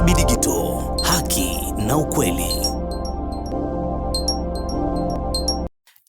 Kibidigito, haki na ukweli.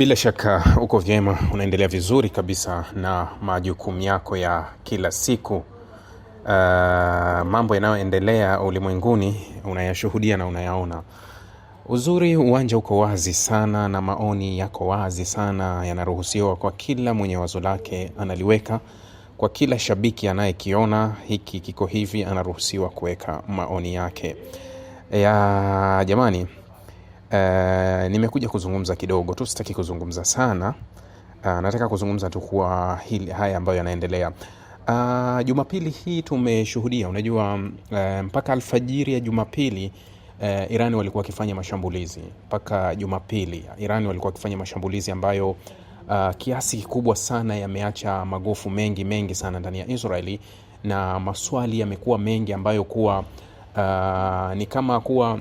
Bila shaka uko vyema, unaendelea vizuri kabisa na majukumu yako ya kila siku. Uh, mambo yanayoendelea ulimwenguni unayashuhudia na unayaona. Uzuri, uwanja uko wazi sana na maoni yako wazi sana, yanaruhusiwa kwa kila mwenye wazo lake analiweka, kwa kila shabiki anayekiona hiki kiko hivi, anaruhusiwa kuweka maoni yake ya jamani. Eh, nimekuja kuzungumza kidogo tu, sitaki kuzungumza sana. Uh, nataka kuzungumza tu kwa hili, haya ambayo yanaendelea uh, Jumapili hii tumeshuhudia, unajua uh, mpaka alfajiri ya Jumapili uh, Irani walikuwa wakifanya mashambulizi mpaka Jumapili. Irani walikuwa wakifanya mashambulizi ambayo uh, kiasi kikubwa sana yameacha magofu mengi mengi sana ndani ya Israeli, na maswali yamekuwa mengi ambayo kuwa uh, ni kama kuwa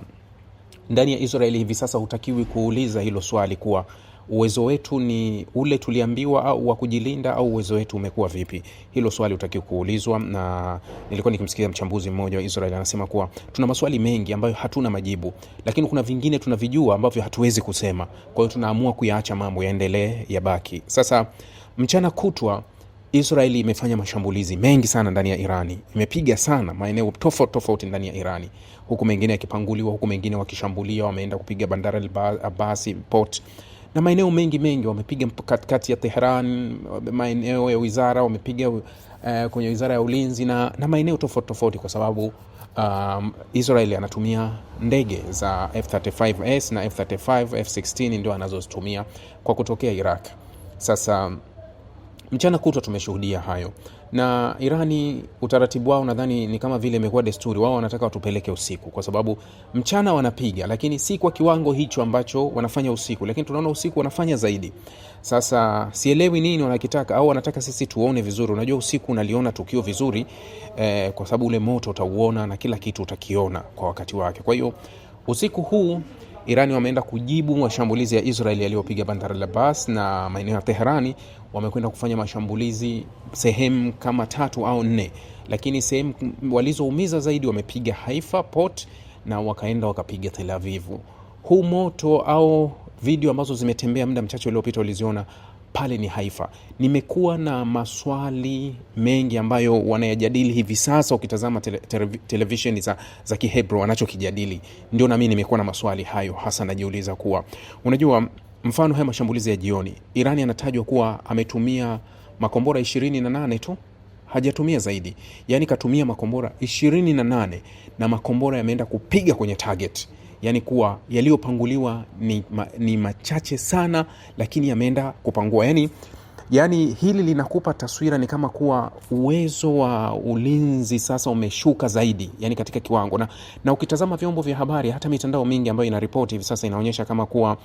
ndani ya Israeli hivi sasa hutakiwi kuuliza hilo swali kuwa uwezo wetu ni ule tuliambiwa au wa kujilinda au uwezo wetu umekuwa vipi? Hilo swali utakiwa kuulizwa. Na nilikuwa nikimsikiliza mchambuzi mmoja wa Israel anasema kuwa tuna maswali mengi ambayo hatuna majibu, lakini kuna vingine tunavijua ambavyo hatuwezi kusema. Kwa hiyo tunaamua kuyaacha mambo yaendelee, yabaki. Sasa mchana kutwa Israeli imefanya mashambulizi mengi sana ndani ya Irani, imepiga sana maeneo tofauti tofauti ndani ya Irani, huku mengine yakipanguliwa, huku mengine wakishambulia. Wameenda kupiga bandara Abasi port na maeneo mengi mengi, wamepiga katikati ya Tehran, maeneo ya wizara wamepiga uh, kwenye wizara ya ulinzi na, na maeneo tofauti tofauti, kwa sababu um, Israeli anatumia ndege za F35s na F35 F16 ndio anazozitumia kwa kutokea Iraq sasa Mchana kutwa tumeshuhudia hayo, na Irani utaratibu wao nadhani ni kama vile imekuwa desturi, wao wanataka watupeleke usiku, kwa sababu mchana wanapiga, lakini si kwa kiwango hicho ambacho wanafanya usiku, lakini tunaona usiku wanafanya zaidi. Sasa sielewi nini wanakitaka, au wanataka sisi tuone vizuri. Unajua usiku unaliona tukio vizuri eh, kwa sababu ule moto utauona na kila kitu utakiona kwa wakati wake. Kwa hiyo usiku huu Irani wameenda kujibu mashambulizi ya Israeli yaliyopiga Bandar al Abbas na maeneo ya Teherani. Wamekwenda kufanya mashambulizi sehemu kama tatu au nne, lakini sehemu walizoumiza zaidi wamepiga Haifa port na wakaenda wakapiga Tel Avivu. Huu moto au video ambazo zimetembea muda mchache uliopita uliziona pale ni Haifa. Nimekuwa na maswali mengi ambayo wanayajadili hivi sasa, ukitazama tele, tele, televisheni za, za Kihebru wanachokijadili, ndio nami nimekuwa na maswali hayo, hasa najiuliza kuwa, unajua mfano haya mashambulizi ya jioni, Irani anatajwa kuwa ametumia makombora ishirini na nane tu hajatumia zaidi, yaani katumia makombora ishirini na nane na makombora yameenda kupiga kwenye target yani kuwa yaliyopanguliwa ni, ma, ni machache sana, lakini yameenda kupangua yani yani hili linakupa taswira ni kama kuwa uwezo wa ulinzi sasa umeshuka zaidi, yani katika kiwango na, na ukitazama vyombo vya habari hata mitandao mingi ambayo inaripoti hivi sasa inaonyesha kama kuwa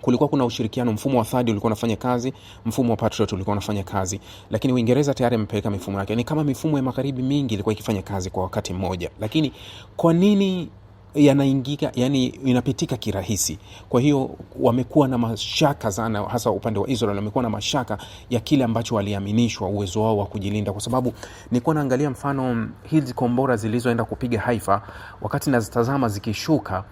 kulikuwa kuna ushirikiano. Mfumo wa Thadi ulikuwa unafanya kazi, mfumo wa Patriot ulikuwa unafanya kazi, lakini Uingereza tayari amepeleka mifumo yake. Ni kama mifumo ya magharibi mingi ilikuwa ikifanya kazi kwa wakati mmoja, lakini kwa nini yanaingika, yani inapitika kirahisi. Kwa hiyo wamekuwa na mashaka sana, hasa upande wa Israel wamekuwa na mashaka ya kile ambacho waliaminishwa uwezo wao wa kujilinda, kwa sababu nikuwa naangalia mfano mm, hizi kombora zilizoenda kupiga Haifa, wakati nazitazama zikishuka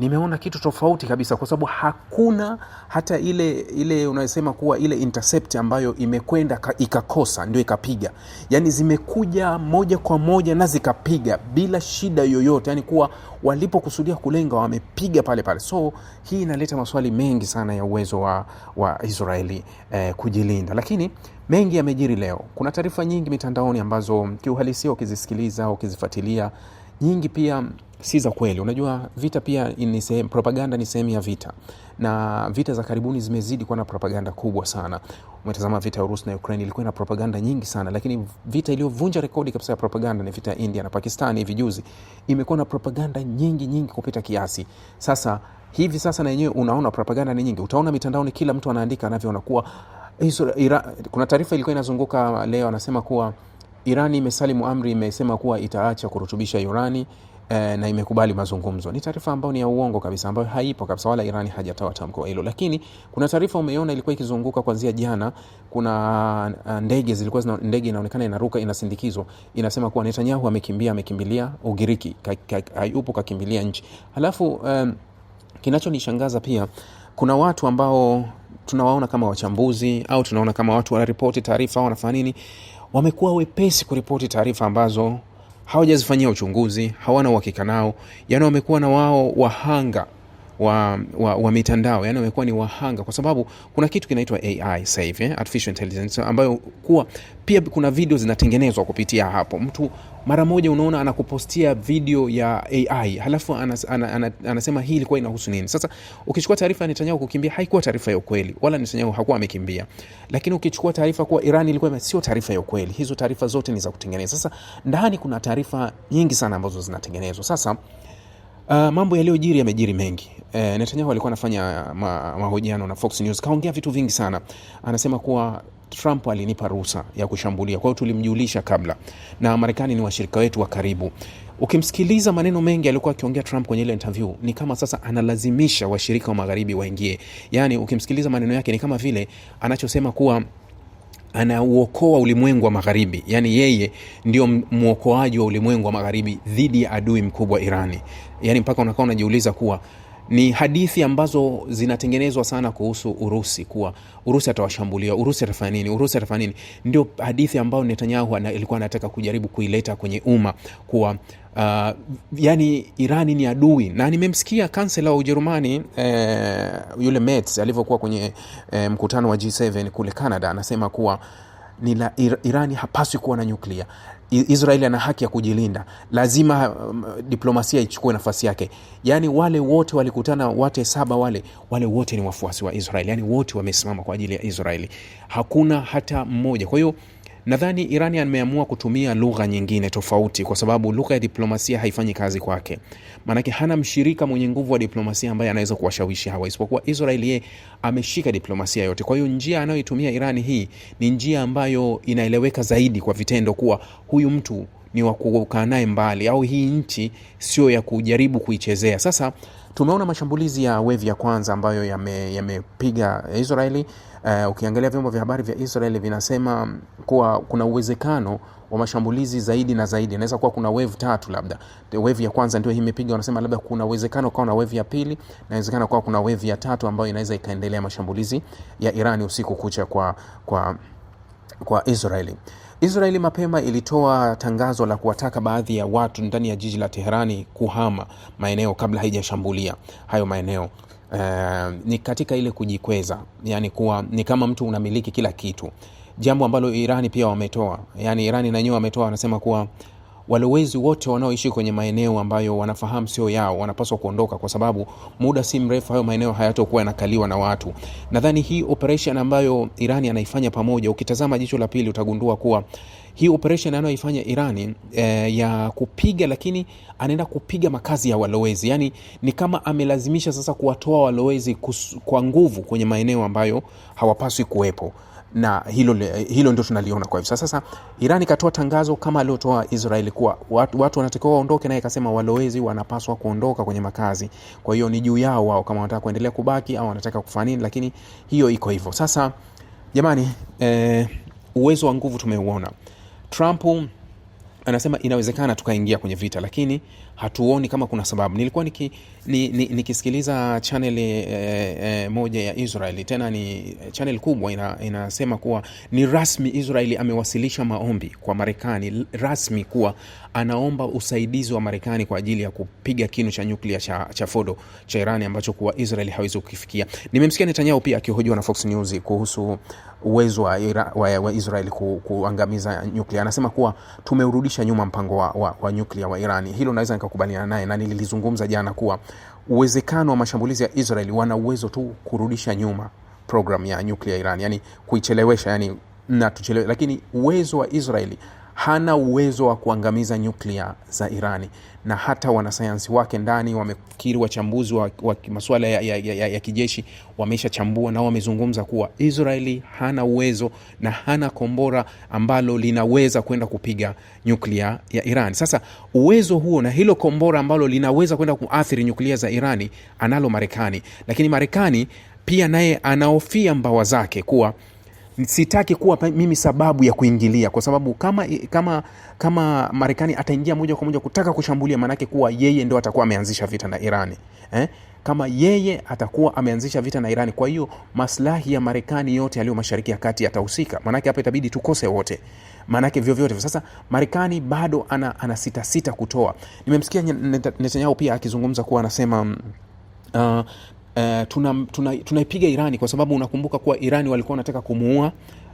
nimeona kitu tofauti kabisa, kwa sababu hakuna hata ile ile unayosema kuwa ile intercept ambayo imekwenda ikakosa ndio ikapiga, yani zimekuja moja kwa moja na zikapiga bila shida yoyote, yani kuwa walipokusudia kulenga wamepiga pale pale. So hii inaleta maswali mengi sana ya uwezo wa, wa Israeli eh, kujilinda, lakini mengi yamejiri leo. Kuna taarifa nyingi mitandaoni ambazo kiuhalisia ukizisikiliza ukizifuatilia nyingi pia si za kweli. Unajua vita pia ni sehemu, propaganda ni sehemu ya vita, na vita za karibuni zimezidi kuwa na propaganda kubwa sana. Umetazama vita ya Urusi na Ukraine ilikuwa na propaganda nyingi sana, lakini vita iliyovunja rekodi kabisa ya propaganda ni vita ya India na Pakistan hivi juzi, imekuwa na propaganda nyingi nyingi kupita kiasi. Sasa hivi sasa na yenyewe unaona propaganda ni nyingi, utaona mitandaoni kila mtu anaandika anavyoona kuwa Ira, kuna taarifa ilikuwa inazunguka leo anasema kuwa Irani imesalimu amri, imesema kuwa itaacha kurutubisha urani Eh, na imekubali mazungumzo. Ni taarifa ambayo ni ya uongo kabisa, ambayo haipo kabisa, wala iran hajatoa tamko hilo. Lakini kuna taarifa umeona ilikuwa ikizunguka kwanzia jana, kuna eh, ndege zilikuwa zina ndege inaonekana inaruka, inasindikizwa, inasema kuwa Netanyahu amekimbia, amekimbilia Ugiriki, hayupo kakimbilia nchi. Halafu um, eh, kinachonishangaza pia kuna watu ambao tunawaona kama wachambuzi au tunaona kama watu wanaripoti taarifa au wanafanya nini, wamekuwa wepesi kuripoti taarifa ambazo hawajazifanyia uchunguzi, hawana uhakika nao, yani wamekuwa na wao wahanga wa, wa, wa mitandao, yani wamekuwa ni wahanga, kwa sababu kuna kitu kinaitwa AI sahivi eh, artificial intelligence, ambayo kuwa pia kuna video zinatengenezwa kupitia hapo. Mtu mara moja unaona anakupostia video ya AI halafu anas, an, an, an, anasema hii ilikuwa inahusu nini? Sasa ukichukua taarifa ya Netanyahu kukimbia, haikuwa taarifa ya ukweli, wala Netanyahu hakuwa amekimbia, lakini ukichukua taarifa kuwa Iran ilikuwa, sio taarifa ya ukweli. Hizo taarifa zote ni za kutengeneza. Sasa ndani kuna taarifa nyingi sana ambazo zinatengenezwa sasa Uh, mambo yaliyojiri yamejiri mengi. E, Netanyahu alikuwa anafanya ma, mahojiano na Fox News, kaongea vitu vingi sana. Anasema kuwa Trump alinipa ruhusa ya kushambulia, kwa hiyo tulimjulisha kabla, na Marekani ni washirika wetu wa karibu. Ukimsikiliza maneno mengi alikuwa akiongea Trump kwenye ile interview, ni kama sasa analazimisha washirika wa magharibi waingie. Yaani ukimsikiliza maneno yake ni kama vile anachosema kuwa anauokoa ulimwengu wa magharibi yani yeye ndio mwokoaji wa ulimwengu wa magharibi dhidi ya adui mkubwa irani yani mpaka unakaa unajiuliza kuwa ni hadithi ambazo zinatengenezwa sana kuhusu Urusi, kuwa Urusi atawashambulia, Urusi atafanya nini, Urusi atafanya nini. Ndio hadithi ambayo Netanyahu alikuwa anataka kujaribu kuileta kwenye umma kuwa Uh, yani Irani ni adui, na nimemsikia kansela wa Ujerumani eh, yule met alivyokuwa kwenye eh, mkutano wa G7 kule Canada, anasema kuwa ni la, Irani hapaswi kuwa na nyuklia Israeli ana haki ya kujilinda, lazima um, diplomasia ichukue nafasi yake. Yaani wale wote walikutana, wate saba wale wale wote ni wafuasi wa Israeli, yaani wote wamesimama kwa ajili ya Israeli, hakuna hata mmoja. Kwa hiyo Nadhani Irani ameamua kutumia lugha nyingine tofauti, kwa sababu lugha ya diplomasia haifanyi kazi kwake, maanake hana mshirika mwenye nguvu wa diplomasia ambaye anaweza kuwashawishi hawa, isipokuwa Israel. Yeye ameshika diplomasia yote. Kwa hiyo njia anayoitumia Irani hii ni njia ambayo inaeleweka zaidi kwa vitendo, kuwa huyu mtu ni wa kukaa naye mbali, au hii nchi sio ya kujaribu kuichezea. Sasa tumeona mashambulizi ya wevi ya kwanza ambayo yamepiga yame Israeli Uh, ukiangalia vyombo vya habari vya Israel vinasema kuwa kuna uwezekano wa mashambulizi zaidi na zaidi. Inaweza kuwa kuna wave tatu, labda wave ya kwanza ndio imepiga, wanasema labda kuna uwezekano kuwa na wave ya pili, inawezekana kuwa kuna wave ya tatu ambayo inaweza ikaendelea mashambulizi ya Irani usiku kucha kwa, kwa, kwa Israeli. Israeli mapema ilitoa tangazo la kuwataka baadhi ya watu ndani ya jiji la Teherani kuhama maeneo kabla haijashambulia hayo maeneo. Eh, ni katika ile kujikweza, yani kuwa ni kama mtu unamiliki kila kitu, jambo ambalo Irani pia wametoa, yani Irani nanyewe wametoa, wanasema kuwa walowezi wote wanaoishi kwenye maeneo ambayo wanafahamu sio yao wanapaswa kuondoka, kwa sababu muda si mrefu hayo maeneo hayatokuwa yanakaliwa na watu. Nadhani hii operation ambayo Irani anaifanya pamoja, ukitazama jicho la pili utagundua kuwa hii operation anayoifanya Irani eh, ya kupiga lakini anaenda kupiga makazi ya walowezi, yani ni kama amelazimisha sasa kuwatoa walowezi kus, kwa nguvu kwenye maeneo ambayo hawapaswi kuwepo na hilo, hilo ndio tunaliona kwa hivi sasa. Sasa Iran ikatoa tangazo kama aliotoa Israeli kuwa watu, watu wanatakiwa waondoke, naye ikasema walowezi wanapaswa kuondoka kwenye makazi. Kwa hiyo ni juu yao wao kama wanataka kuendelea kubaki au wanataka kufanya nini, lakini hiyo iko hivyo. Sasa jamani, eh, uwezo wa nguvu tumeuona. Trump anasema inawezekana tukaingia kwenye vita, lakini hatuoni kama kuna sababu. Nilikuwa nikisikiliza ni chaneli e, eh, e, eh, moja ya Israel, tena ni eh, chaneli kubwa ina, inasema kuwa ni rasmi Israeli amewasilisha maombi kwa Marekani rasmi kuwa anaomba usaidizi wa Marekani kwa ajili ya kupiga kinu cha nyuklia cha, cha Fodo cha Irani ambacho kuwa Israeli hawezi kukifikia. Nimemsikia Netanyahu pia akihojiwa na Fox News kuhusu uwezo wa, wa, Israel ku, kuangamiza nyuklia. Anasema kuwa tumeurudisha nyuma mpango wa, wa, wa nyuklia wa Irani. Hilo naweza kukubaliana naye, na nililizungumza jana kuwa uwezekano wa mashambulizi ya Israel, wana uwezo tu kurudisha nyuma programu ya nyuklia Iran, yani kuichelewesha, yani na tuchelewe, lakini uwezo wa Israeli hana uwezo wa kuangamiza nyuklia za Irani, na hata wanasayansi wake ndani wamekiri, wachambuzi wa, wa masuala ya, ya, ya, ya kijeshi wameshachambua na wamezungumza kuwa Israeli hana uwezo na hana kombora ambalo linaweza kwenda kupiga nyuklia ya Irani. Sasa uwezo huo na hilo kombora ambalo linaweza kwenda kuathiri nyuklia za Irani analo Marekani, lakini Marekani pia naye anahofia mbawa zake kuwa sitaki kuwa mimi sababu ya kuingilia, kwa sababu kama, kama, kama Marekani ataingia moja kwa moja kutaka kushambulia, maanake kuwa yeye ndo atakuwa ameanzisha vita na Irani eh? Kama yeye atakuwa ameanzisha vita na Irani, kwa hiyo maslahi ya Marekani yote yaliyo Mashariki ya Kati yatahusika, maanake hapa itabidi tukose wote, maanake vyovyote. Sasa Marekani bado ana, ana sita sita kutoa. Nimemsikia Netanyahu pia akizungumza kuwa anasema mm, Uh, tunaipiga eh, tuna, tuna Irani kwa sababu unakumbuka kuwa Irani walikuwa wanataka kumuua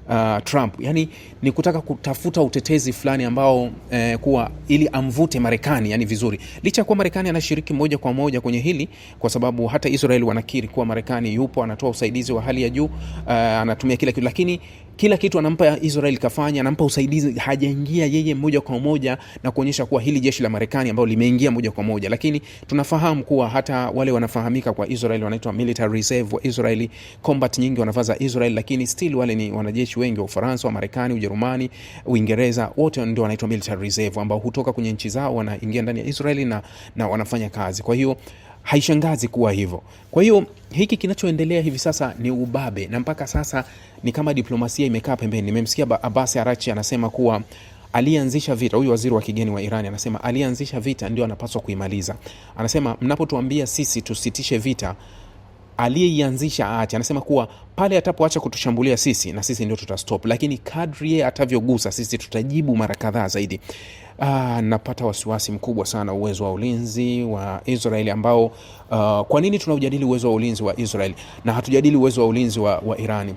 uh, Trump. Yani ni kutaka kutafuta utetezi fulani ambao eh, kuwa ili amvute Marekani yani vizuri, licha ya kuwa Marekani anashiriki moja kwa moja kwenye hili, kwa sababu hata Israel wanakiri kuwa Marekani yupo, anatoa usaidizi wa hali ya juu uh, anatumia kila kitu, lakini kila kitu anampa Israel kafanya, anampa usaidizi, hajaingia yeye moja kwa moja na kuonyesha kuwa hili jeshi la Marekani ambalo limeingia moja kwa moja, lakini tunafahamu kuwa hata wale wanafahamika kwa Israel wanaitwa military reserve wa Israeli, combat nyingi wanavaa za Israel, lakini still wale ni wanajeshi wanajeshi wengi wa Ufaransa, wa Marekani, Ujerumani, Uingereza, wote ndio wanaitwa military reserve ambao hutoka kwenye nchi zao wanaingia ndani ya Israeli na, na wanafanya kazi. Kwa hiyo haishangazi kuwa hivyo. Kwa hiyo hiki kinachoendelea hivi sasa ni ubabe, na mpaka sasa ni kama diplomasia imekaa pembeni. Nimemsikia Abbas Arachi anasema kuwa aliyeanzisha vita, huyu waziri wa kigeni wa Irani anasema aliyeanzisha vita ndio anapaswa kuimaliza. Anasema mnapotuambia sisi tusitishe vita aliyeianzisha aache, anasema kuwa pale atapoacha kutushambulia sisi na sisi ndio tutastop, lakini kadri yeye atavyogusa sisi tutajibu mara kadhaa zaidi. Aa, ah, napata wasiwasi mkubwa sana uwezo wa ulinzi wa Israeli ambao, uh, kwa nini tunaujadili uwezo wa ulinzi wa israel na hatujadili uwezo wa ulinzi wa, wa Irani?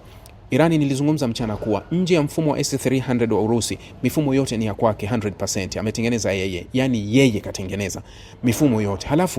Irani nilizungumza mchana kuwa nje ya mfumo wa S300 wa Urusi, mifumo yote ni ya kwake 100%, ametengeneza yeye, yani yeye katengeneza mifumo yote halafu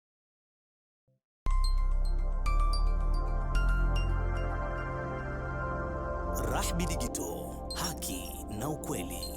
Rahby Digital, haki na ukweli.